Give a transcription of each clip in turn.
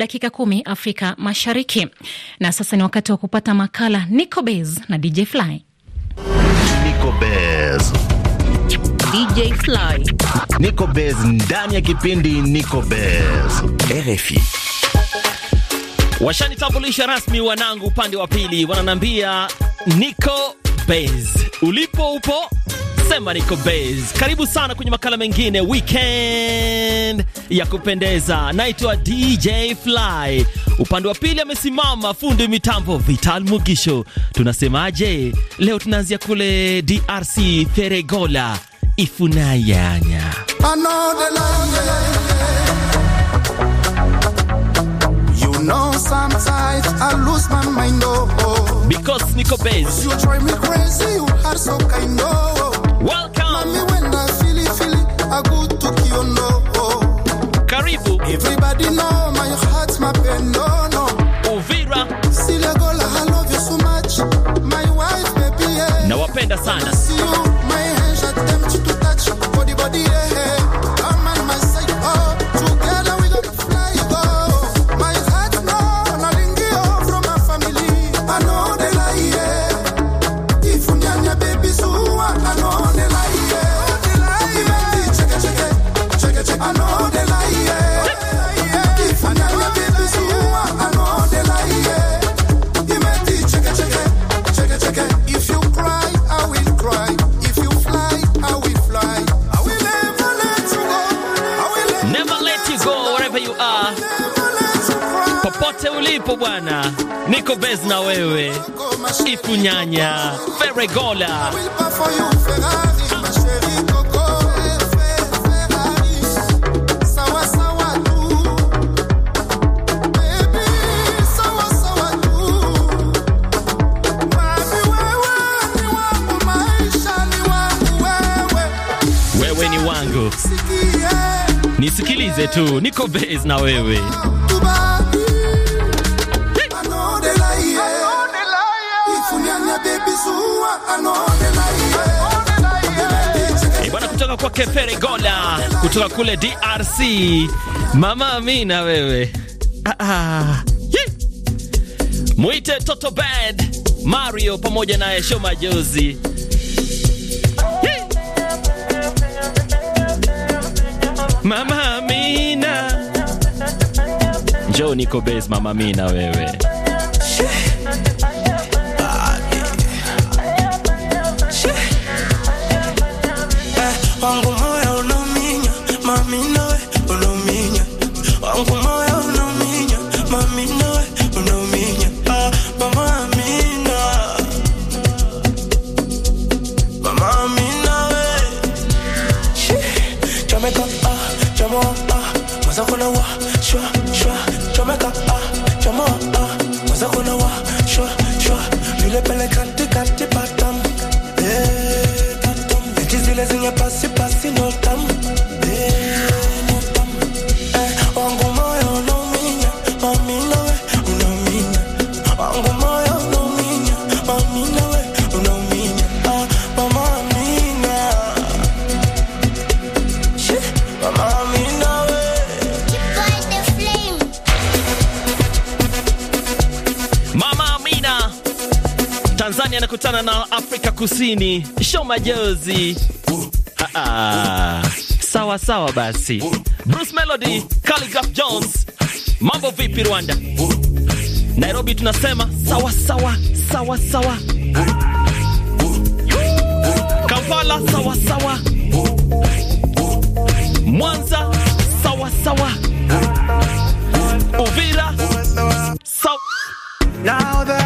dakika kumi Afrika Mashariki. Na sasa ni wakati wa kupata makala Nico Bez na DJ Fly. Nico Bez. DJ Fly. Nico Bez ndani ya kipindi Nico Bez. RFI. Washanitambulisha rasmi wanangu upande wa pili wananambia Nico Bez. Ulipo upo sema niko base. Karibu sana kwenye makala mengine weekend ya kupendeza. Naitwa DJ Fly, upande wa pili amesimama fundi mitambo Vital Mugisho. Tunasemaje leo? Tunaanzia kule DRC, Feregola ifunayanya oh, oh. Because niko base. You drive me crazy, you are so kind of oh. karibu Everybody know my heart, my pain, no, no. Uvira Sile gola, I love you so much My wife, baby, yeah. Nawapenda sana Lopez na wewe, Ifunyanya, Feregola ni wangu, nisikilize tu, niko Fez na wewe kwake Peregola kutoka kule DRC. Mama Amina, wewe ah, ah. Mwite Toto Bad Mario pamoja naye esho majozi Mama Amina, njoo niko base Mama Amina wewe Jamaica, ah, Jamo, ah, Mazakona wa, shwa, shwa, Jamaica, ah, Jamo, ah, Mazakona wa, shwa, shwa, Vile pele kati kati patam, eh, patam, Eti zile zinye pasi pasi no tam, eh. Tanzania anakutana na Afrika Kusini. Show majozi sawa sawa. Basi Bruce Melody, Khaligraph Jones, mambo vipi Rwanda? Nairobi tunasema sawa sawa sawa sawa. Kampala sawa sawa. Mwanza sawa sawa. Uvira sawa.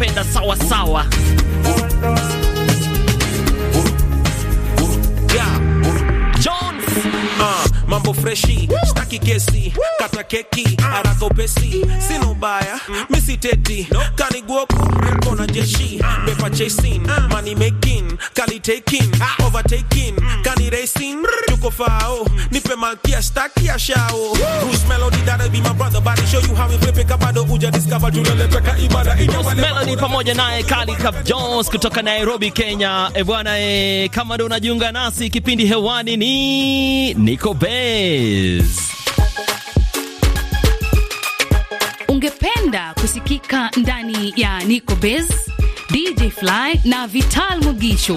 napenda sawa sawa uh, mambo freshi staki kesi kata keki haraka upesi misi ubaya kani kaniguoku kona jeshi pepa chasing money making kali taking overtaking kani racing tuko fao nipe malkia staki ya shao Bruce Melody that'll be my brother body show you how we flip it kabado uja discover tunalepe ka ibada inawale ni pamoja naye Kali Cap Jones kutoka Nairobi, Kenya. E bwana e, kama ndo unajiunga nasi, kipindi hewani ni Niko Bez. Ungependa kusikika ndani ya Niko Bez, DJ Fly na Vital Mugisho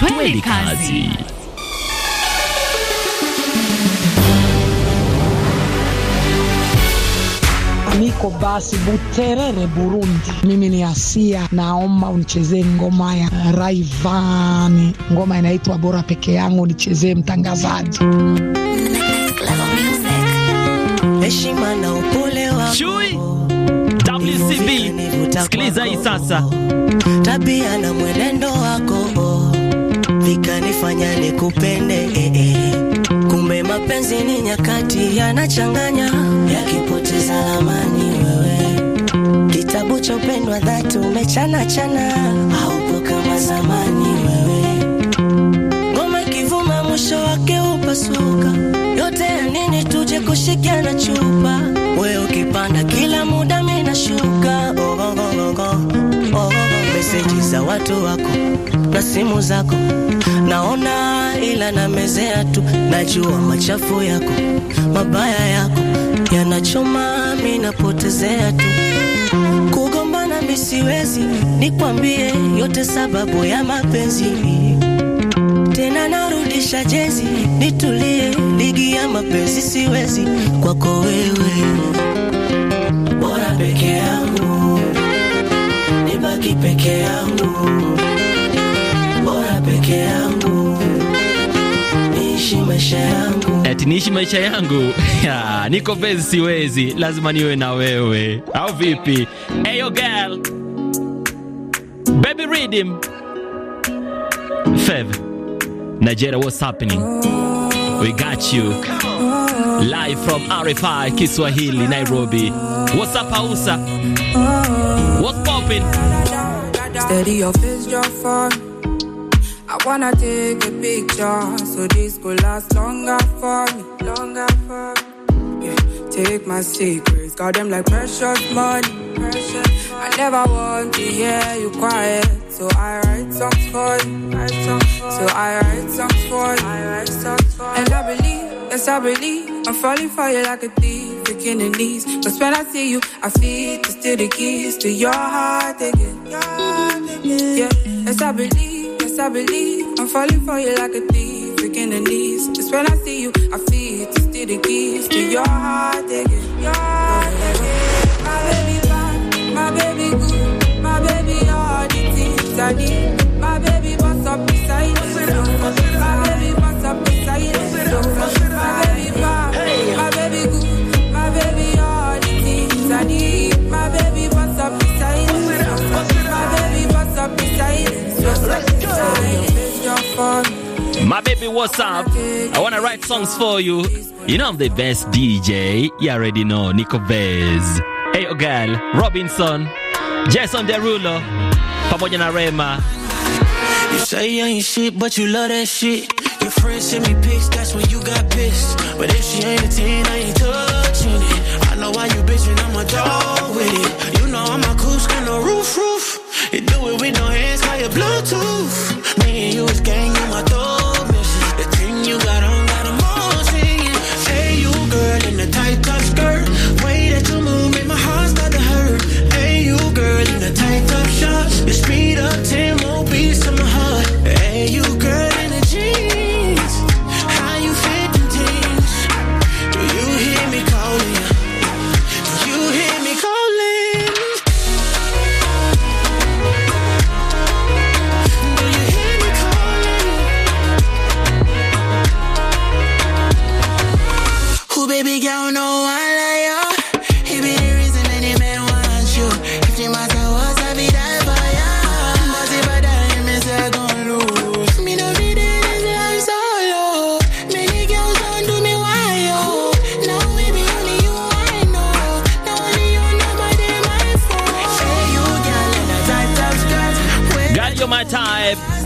Twende kazi. Niko basi Buterere, Burundi. Mimi ni Asia, naomba unichezee ngoma ya Raivani, ngoma inaitwa Bora Peke Yangu. Nichezee mtangazaji sikiliza hii sasa, tabia na mwenendo wako vikanifanya nikupende eh, eh. Kumbe mapenzi ni nyakati yanachanganya, yakipoteza amani wewe. Kitabu cha upendo wa dhati umechana chana, haupo kama zamani wewe. Ngoma kivuma mwisho wake upasuka, yote ya nini tuje kushikia na chupa, wewe ukipanda kila muda minashuka oh, oh, oh, oh, oh. oh, oh, oh meseji za watu wako na simu zako, naona ila na mezea tu, najua machafu yako mabaya yako yanachoma, mi napotezea tu kugombana, misiwezi siwezi nikwambie yote sababu ya mapenzi tena narudisha jezi, nitulie, ligi ya mapenzi siwezi kwako wewe, bora peke yangu Sitaki peke yangu, bora peke yangu, niishi maisha yangu, ati niishi maisha yangu niko bezi, siwezi, lazima niwe na wewe, au vipi? Eyo girl, baby redeem Fev Nigeria, what's happening? We got you live from RFI Kiswahili, Nairobi. What's up, Hausa? bumping. Steady your face, your phone. I wanna take a picture so this could last longer for me, longer for me. Yeah. Take my secrets, got them like precious money, precious. I never want to hear you quiet, so I write songs for you, so I write songs for you, I write songs for you. And I believe, yes I believe, I'm falling for you like a thief in the knees. But when I see you, I feel to steal the keys to your heart again. Yeah, yes, I believe, yes, I believe. I'm falling for you like a thief, breaking the knees. Just when I see you, I feel to steal the keys to your heart again. My baby my baby good, my baby all the things I need. what's up? I wanna write songs for you. You know I'm the best DJ. You already know, Nico Bez. Hey oh, girl, Robinson, Jason Derulo, pamoja na Rema. You say you ain't shit, but you love that shit. Your friends send me pics, that's when you got pissed. But if she ain't a 10, I ain't touching it. I know why you bitchin', I'm a dog with it. You know I'm a coos, got no roof, roof. You do it with no hands, how your Bluetooth. Me and you is gang, you my dog you got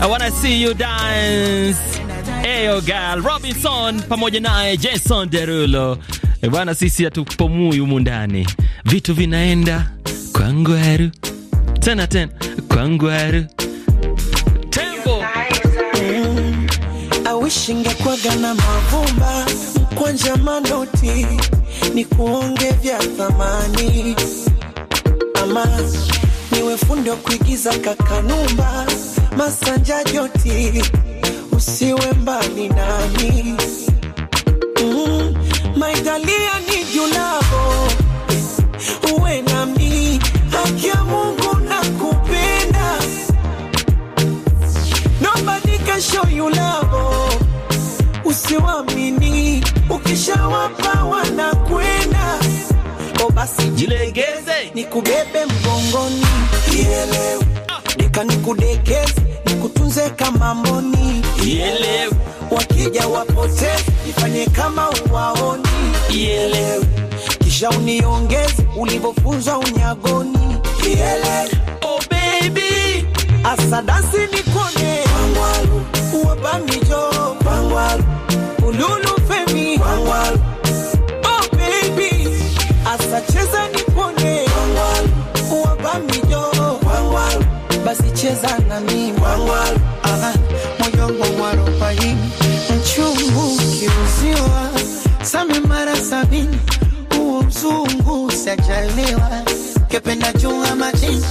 I wanna see you dance. Eyo girl Robinson pamoja naye Jason Derulo. E bwana, sisi hatupomui humu ndani, vitu vinaenda kwa ngwaru tena tena kwa ngwaru tembo. Mm, I wish ingekwaga na mavumba mkwanja manoti ni kuonge vya thamani ama niwe fundi wa kuigiza kakanumba Masanja Joti, usiwe mbali nami mm, my darling, I need you uwe nami, haki ya Mungu kupenda nobody can show you love, usiwamini, ukishawapa wanakwenda. O oh, basi jilegeze, nikubebe mgongoni, kielewa ah. deka nikudekeze tujifunze kama mboni ielewe, wakija wapoteze, ifanye kama uwaoni ielewe, kisha uniongeze ulivyofunzwa unyagoni ielewe. Oh baby, asa asadasi nikone wangwalu uwabamijo wangwalu ululu femi wangwalu Oh baby, asa asacheza sicheza na mimi moyo wangu wa mchungu kiuziwa same mara sabini, uo mzungu sajaliwa kependa chunga majini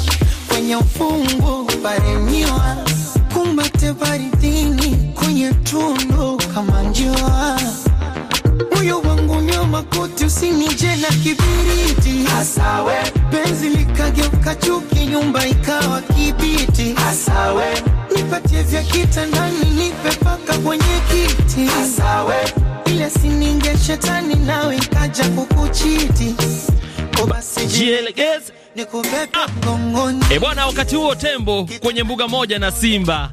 na chuki, nyumba ikawa kibiti. Asawe nipatie vya kita ndani, nipe paka kwenye kiti. Asawe ile sininge shetani, nawe ikaja kukuchiti Jielekeze e bwana. Wakati huo tembo kwenye mbuga moja na simba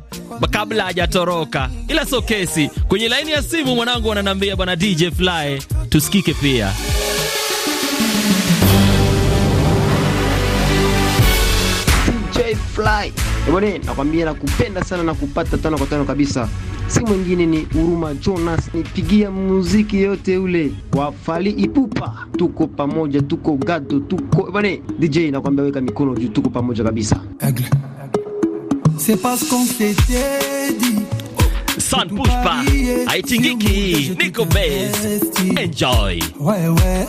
kabla hajatoroka, ila sio kesi. Kwenye laini ya simu mwanangu wananiambia bwana DJ Fly, tusikike pia Fly. Ebone, nakwambia nakupenda sana na kupata tano kwa tano kabisa. Si mwingine ni Huruma Jonas, nipigia muziki yote ule wa Ipupa. Tuko pamoja, tuko gado, tuko ebone. DJ nakwambia weka mikono juu, tuko pamoja kabisa. San Pushpa niko base, enjoy. Wewe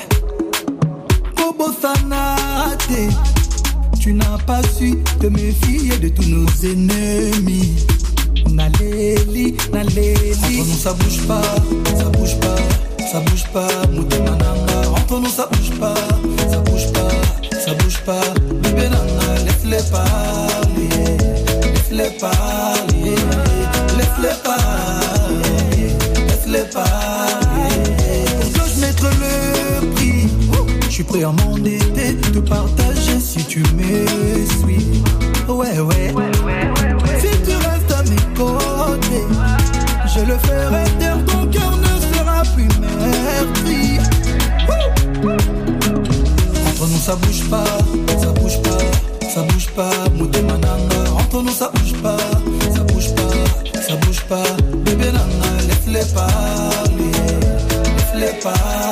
kobo ate tu n'as pas su te méfier de tous nos ennemis. Naleli, Naleli. Entre nous, ça bouge pas, ça bouge pas, ça bouge pas. Moutamananga. Entre nous, ça bouge pas, ça bouge pas, ça bouge pas. Bébé Nana, laisse-les parler, laisse-les parler, laisse-les parler, laisse-les parler. Dois-je mettre le prix? Je suis prêt à m'endetter, te partager si tu me suis. Ouais, ouais. ouais, ouais Si tu restes à mes côtés, je le ferai taire. Ton cœur ne sera plus meurtri. Entre nous, ça bouge pas, ça bouge pas, ça bouge pas. Mouté Entre nous, ça bouge pas, ça bouge pas, ça bouge pas. Bébé nana, laisse-les parler, laisse-les parler.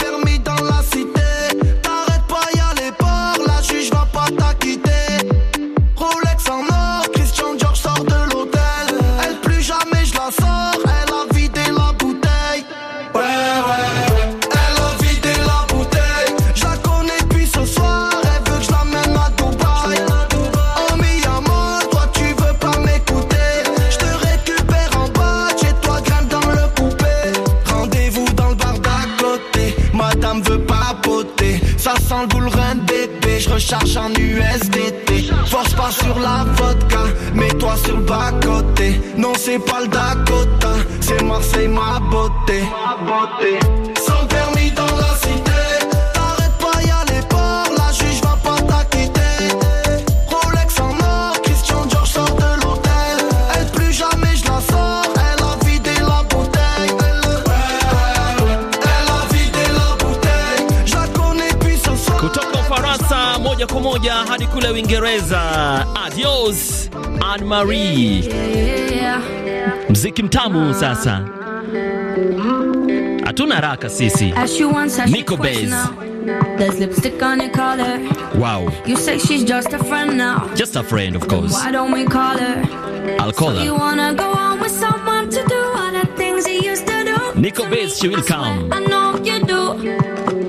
moja kwa moja hadi kule Uingereza. Adios Anne Marie, mziki mtamu sasa, hatuna haraka sisi. Nico Base There's lipstick on your collar. Wow. You say she's just a friend now. Just a friend, of course. Why don't we call her? I'll call so her. You wanna go on with someone to do all the things he used to do. Nico Bates, she will come. I know you do.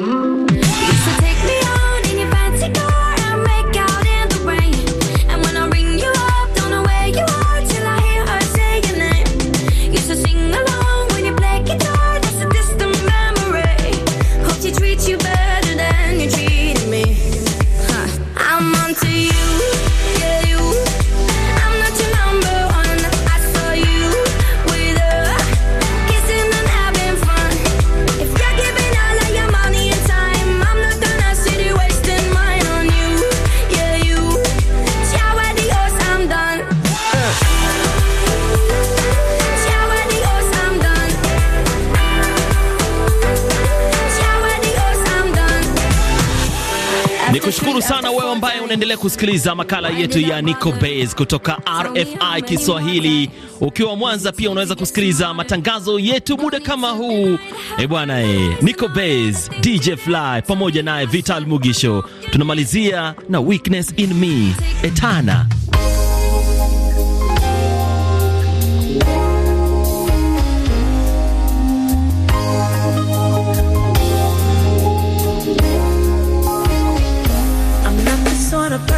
kushukuru sana wewe ambaye unaendelea kusikiliza makala yetu ya Nico Base kutoka RFI Kiswahili. Ukiwa Mwanza pia unaweza kusikiliza matangazo yetu muda kama huu. E bwana e, Nico Base, DJ Fly pamoja naye Vital Mugisho. Tunamalizia na Weakness in Me, Etana.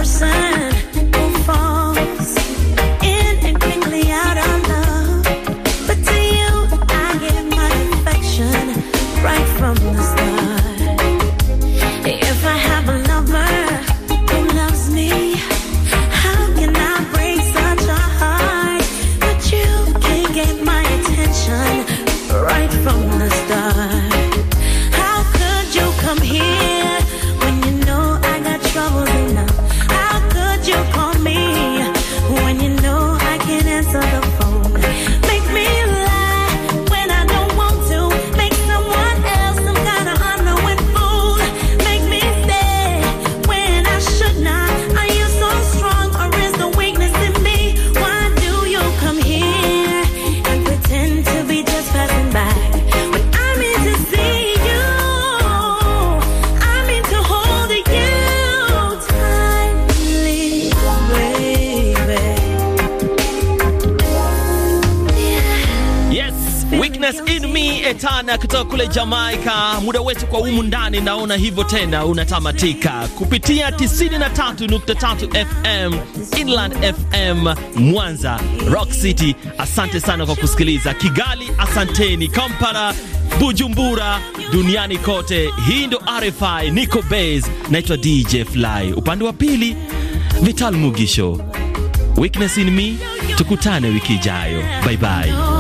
person kule Jamaika. Muda wetu kwa humu ndani naona hivyo tena unatamatika, kupitia 93.3 FM Inland FM Mwanza, Rock City. Asante sana kwa kusikiliza. Kigali asanteni, Kampala, Bujumbura, duniani kote. Hii ndo RFI Nico Base, naitwa DJ Fly, upande wa pili Vital Mugisho, Weakness in Me. Tukutane wiki ijayo, bye bye.